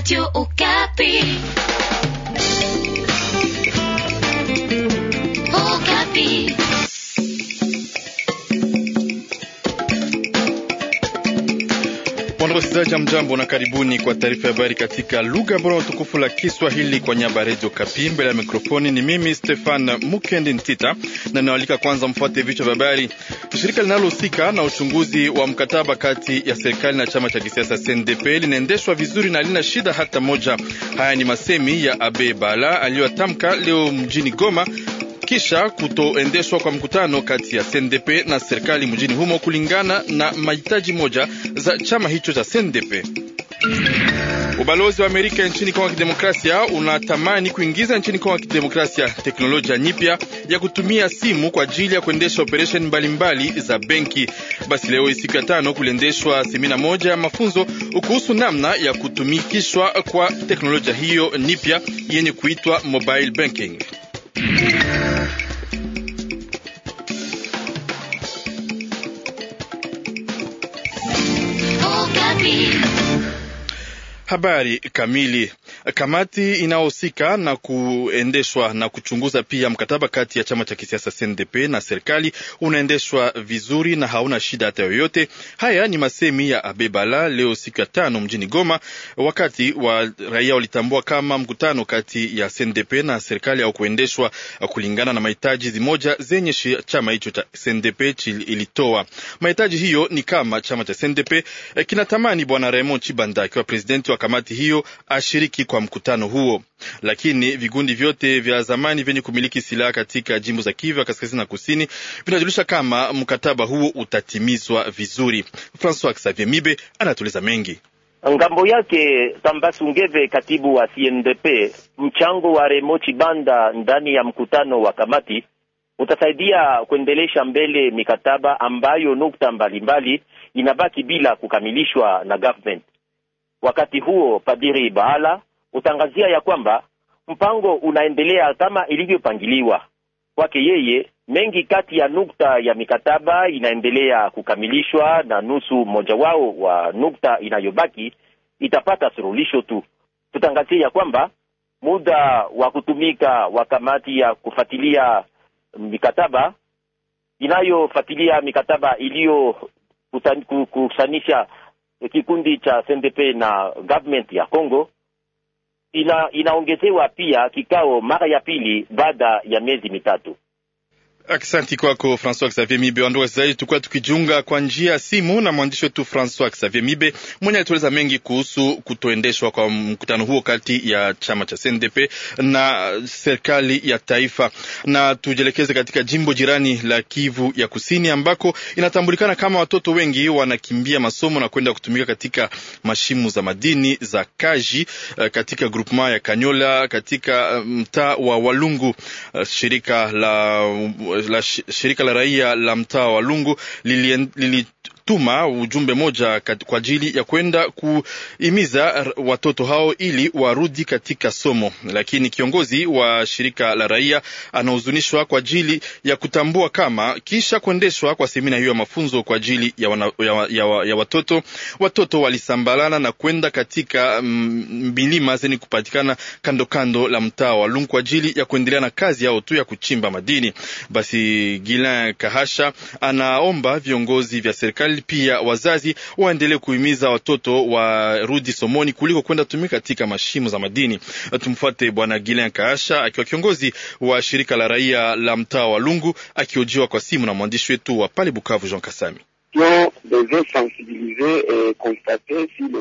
Radio Okapi. Okapi. Wapendwa wasikilizaji, mjambo na karibuni kwa taarifa ya habari katika lugha bora na tukufu la Kiswahili kwa nyamba redio Kapi. Mbele ya mikrofoni ni mimi Stefan Mukendi Ntita na nawalika kwanza mfuate vichwa vya habari. Shirika linalohusika na uchunguzi wa mkataba kati ya serikali na chama cha kisiasa CNDP linaendeshwa vizuri na halina shida hata moja. Haya ni masemi ya Abe Bala aliyotamka leo mjini Goma kuhakikisha kutoendeshwa kwa mkutano kati ya CNDP na serikali mjini humo kulingana na mahitaji moja za chama hicho cha CNDP. Ubalozi wa Amerika nchini Kongo ya Kidemokrasia unatamani kuingiza nchini Kongo ya Kidemokrasia teknolojia nyipya ya kutumia simu kwa ajili ya kuendesha operesheni mbalimbali za benki. Basi leo siku ya tano kuliendeshwa semina moja ya mafunzo kuhusu namna ya kutumikishwa kwa teknolojia hiyo nyipya yenye kuitwa mobile banking. Habari kamili. Kamati inayohusika na kuendeshwa na kuchunguza pia mkataba kati ya chama cha kisiasa CNDP na serikali unaendeshwa vizuri na hauna shida hata yoyote. Haya ni masemi ya Abebala leo siku ya tano mjini Goma, wakati wa raia walitambua kama mkutano kati ya CNDP na serikali au kuendeshwa kulingana na mahitaji zimoja zenye chama hicho cha CNDP ilitoa. Mahitaji hiyo ni kama chama cha CNDP eh, kinatamani bwana Raymond Chibanda akiwa presidenti wa kamati hiyo ashiriki kwa mkutano huo, lakini vikundi vyote vya zamani vyenye kumiliki silaha katika jimbo za Kivu kaskazini na kusini vinajulisha kama mkataba huo utatimizwa vizuri. Francois Xavier Mibe anatueleza mengi. Ngambo yake tambasungeve katibu wa CNDP, mchango wa Remochi Banda ndani ya mkutano wa kamati utasaidia kuendelesha mbele mikataba ambayo nukta mbalimbali mbali inabaki bila kukamilishwa na government. Wakati huo Padiri Baala hutangazia ya kwamba mpango unaendelea kama ilivyopangiliwa. Kwake yeye, mengi kati ya nukta ya mikataba inaendelea kukamilishwa na nusu mmoja wao wa nukta inayobaki itapata surulisho tu. Tutangazie ya kwamba muda wa kutumika wa kamati ya kufuatilia mikataba inayofuatilia mikataba iliyokusanisha kikundi cha CNDP na government ya Congo ina, inaongezewa pia kikao mara ya pili baada ya miezi mitatu. Aksanti kwako Francois Xavier Mibe. Wandugu wasikilizaji, tukuwa tukijiunga kwa njia ya simu na mwandishi wetu Francois Xavier Mibe mwenye alitueleza mengi kuhusu kutoendeshwa kwa mkutano huo kati ya chama cha CNDP na serikali ya taifa. Na tujielekeze katika jimbo jirani la Kivu ya Kusini, ambako inatambulikana kama watoto wengi wanakimbia masomo na kwenda kutumika katika mashimu za madini za Kaji eh, katika grupema ya Kanyola katika eh, mtaa wa Walungu. Eh, shirika la la shirika la raia la mtaa wa Lungu lilien, kutuma ujumbe moja kwa ajili ya kwenda kuhimiza watoto hao ili warudi katika somo, lakini kiongozi wa shirika la raia anahuzunishwa kwa ajili ya kutambua kama kisha kuendeshwa kwa semina hiyo ya mafunzo kwa ajili ya, ya, ya, ya, ya watoto watoto walisambalana na kwenda katika mm, milima zenye kupatikana kando kando la mtaa wa Lungu kwa ajili ya kuendelea na kazi yao tu ya kuchimba madini. Basi Gilin Kahasha anaomba viongozi vya serikali pia wazazi waendelee kuhimiza watoto warudi somoni kuliko kwenda tumika katika mashimo za madini. Tumfuate Bwana Gilen Kaasha akiwa kiongozi wa shirika la raia la mtaa wa Lungu, akiojiwa kwa simu na mwandishi wetu wa pale Bukavu Jean Kasami.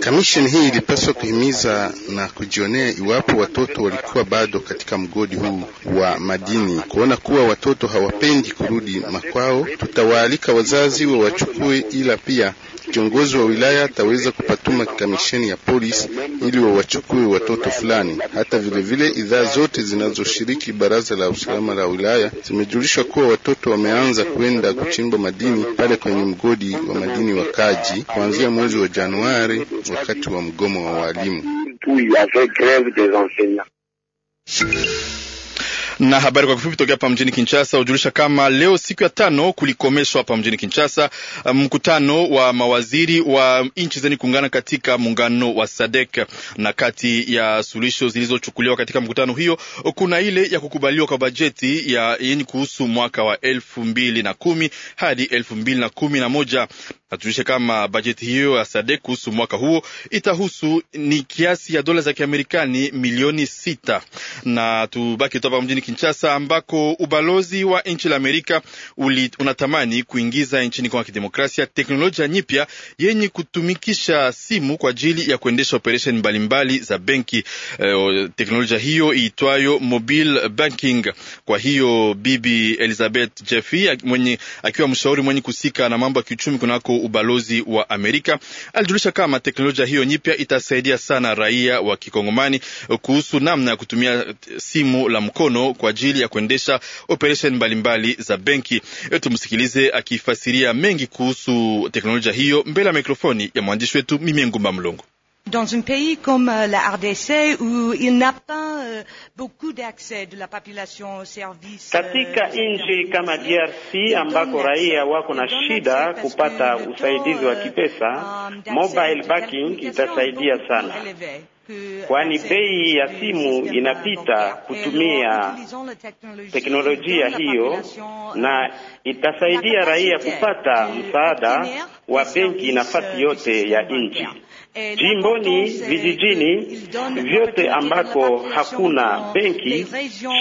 Kamisheni hii ilipaswa kuhimiza na kujionea iwapo watoto walikuwa bado katika mgodi huu wa madini. Kuona kuwa watoto hawapendi kurudi makwao, tutawaalika wazazi wawachukue, ila pia Kiongozi wa wilaya ataweza kupatuma kamisheni ya polisi ili wawachukue watoto fulani. Hata vilevile idhaa zote zinazoshiriki baraza la usalama la wilaya zimejulishwa kuwa watoto wameanza kwenda kuchimba madini pale kwenye mgodi wa madini wa Kaji kuanzia mwezi wa Januari wakati wa mgomo wa walimu. Na habari kwa kifupi tokea hapa mjini Kinshasa hujulisha kama leo siku ya tano kulikomeshwa hapa mjini Kinshasa um, mkutano wa mawaziri wa nchi zenye kuungana katika muungano wa SADC, na kati ya suluhisho zilizochukuliwa katika mkutano hiyo kuna ile ya kukubaliwa kwa bajeti ya yenye kuhusu mwaka wa elfu mbili na kumi hadi elfu mbili na kumi na moja Natujulisha kama bajeti hiyo ya SADC kuhusu mwaka huo itahusu ni kiasi ya dola za Kiamerikani milioni sita. Na tubaki tu hapa mjini Kinshasa, ambako ubalozi wa nchi la Amerika uli, unatamani kuingiza nchini Kongo ya Kidemokrasia teknolojia nyipya yenye kutumikisha simu kwa ajili ya kuendesha operation mbalimbali za benki. Eh, teknolojia hiyo iitwayo mobile banking. Kwa hiyo Bibi Elizabeth Jeffy mwenye akiwa mshauri mwenye kusika na mambo ya kiuchumi kunako ubalozi wa Amerika. Alijulisha kama teknolojia hiyo nyipya itasaidia sana raia wa kikongomani kuhusu namna ya kutumia simu la mkono kwa ajili ya kuendesha operesheni mbalimbali za benki. E, tumsikilize akifasiria mengi kuhusu teknolojia hiyo mbele ya mikrofoni ya mwandishi wetu Mimie Ngumba Mlongo dans un pays comme euh, la RDC où il n'a pas euh, beaucoup d'accès de la population aux services. Katika euh, nchi kama DRC ambako raia wako na shida kupata usaidizi wa kipesa, mobile banking itasaidia sana kwani bei ya simu inapita kutumia teknolojia hiyo, na itasaidia raia kupata msaada wa benki nafasi yote ya nchi. Eh, jimboni, vijijini, eh, vyote ambako hakuna benki,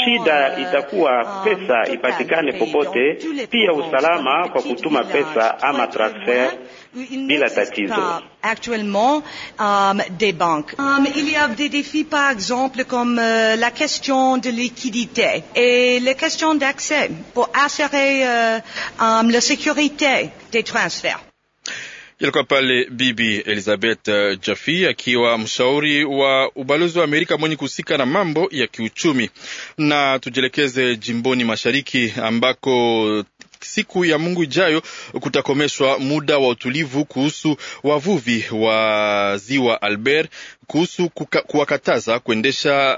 shida euh, itakuwa pesa ipatikane popote, pia usalama kwa kutuma pesa ama transfer bila tatizo. Actuellement, euh, des banques. Euh, il y a des défis, par exemple, comme la question de liquidité et la question d'accès pour assurer la sécurité des transferts. yalikuwa pale Bibi Elizabeth uh, jafi akiwa mshauri wa ubalozi wa Amerika mwenye kuhusika na mambo ya kiuchumi. Na tujielekeze jimboni mashariki ambako siku ya Mungu ijayo kutakomeshwa muda wa utulivu kuhusu wavuvi wa ziwa Albert kuhusu kuwakataza kuendesha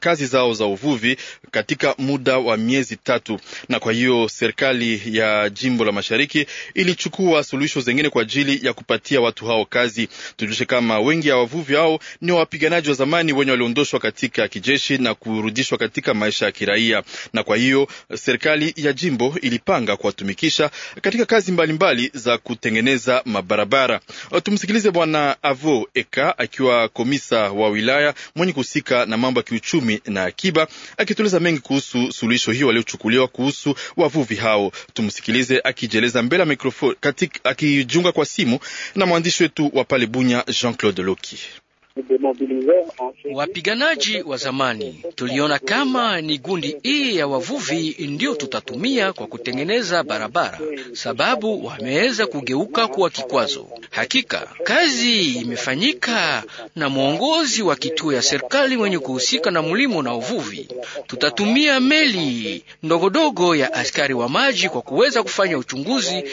kazi zao za uvuvi katika muda wa miezi tatu. Na kwa hiyo serikali ya jimbo la mashariki ilichukua suluhisho zengine kwa ajili ya kupatia watu hao kazi. Tujulishe kama wengi ya wavuvi hao ni wapiganaji wa zamani wenye waliondoshwa katika kijeshi na kurudishwa katika maisha ya kiraia, na kwa hiyo serikali ya jimbo ili wanajipanga kuwatumikisha katika kazi mbalimbali mbali za kutengeneza mabarabara. Tumsikilize Bwana Avo Eka akiwa komisa wa wilaya mwenye kuhusika na mambo ya kiuchumi na akiba, akitueleza mengi kuhusu suluhisho hiyo waliochukuliwa kuhusu wavuvi hao. Tumsikilize akijieleza mbele ya mikrofoni, akijiunga kwa simu na mwandishi wetu wa pale Bunya, Jean Claude Loki. Wapiganaji wa zamani tuliona kama ni gundi hii e ya wavuvi ndio tutatumia kwa kutengeneza barabara, sababu wameweza kugeuka kuwa kikwazo. Hakika kazi imefanyika na mwongozi wa kituo ya serikali mwenye kuhusika na mlimo na uvuvi. Tutatumia meli ndogodogo ya askari wa maji kwa kuweza kufanya uchunguzi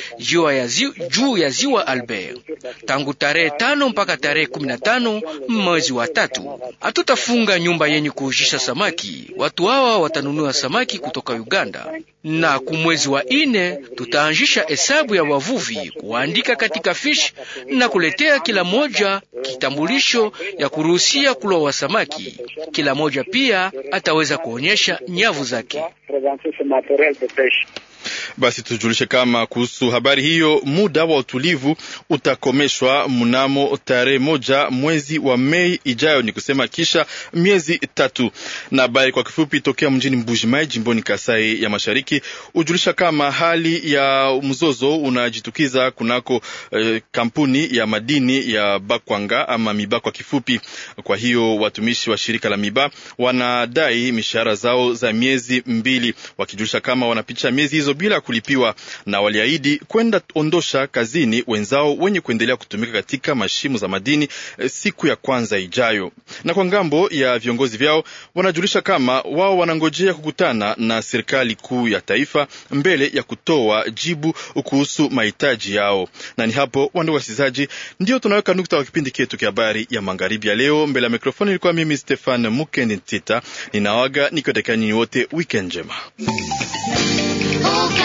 juu ya ziwa Albert tangu tarehe tano mpaka tarehe kumi na tano mwezi wa tatu. Hatutafunga nyumba yenye kuuzisha samaki. Watu hawa watanunua samaki kutoka Uganda, na kumwezi wa ine tutaanzisha hesabu ya wavuvi, kuandika katika fish na kuletea kila moja kitambulisho ya kuruhusia kulowa wa samaki. Kila moja pia ataweza kuonyesha nyavu zake. Basi tujulishe kama kuhusu habari hiyo, muda wa utulivu utakomeshwa mnamo tarehe moja mwezi wa Mei ijayo, ni kusema kisha miezi tatu. Na habari kwa kifupi tokea mjini Mbujimai jimboni Kasai ya Mashariki hujulisha kama hali ya mzozo unajitukiza kunako eh, kampuni ya madini ya Bakwanga ama Miba kwa kifupi. Kwa hiyo watumishi wa shirika la Miba wanadai mishahara zao za miezi mbili, wakijulisha kama wanapitisha miezi hizo bila kulipiwa, na waliahidi kwenda ondosha kazini wenzao wenye kuendelea kutumika katika mashimo za madini eh, siku ya kwanza ijayo. Na kwa ngambo ya viongozi vyao wanajulisha kama wao wanangojea kukutana na serikali kuu ya taifa mbele ya kutoa jibu kuhusu mahitaji yao. Na ni hapo, wandugu wasikilizaji, ndio tunaweka nukta wa kipindi chetu cha habari ya magharibi ya leo. Mbele ya mikrofoni ilikuwa mimi Stefan Mukendi Ntita, ninawaga nikiwatakia nyinyi wote wikend njema.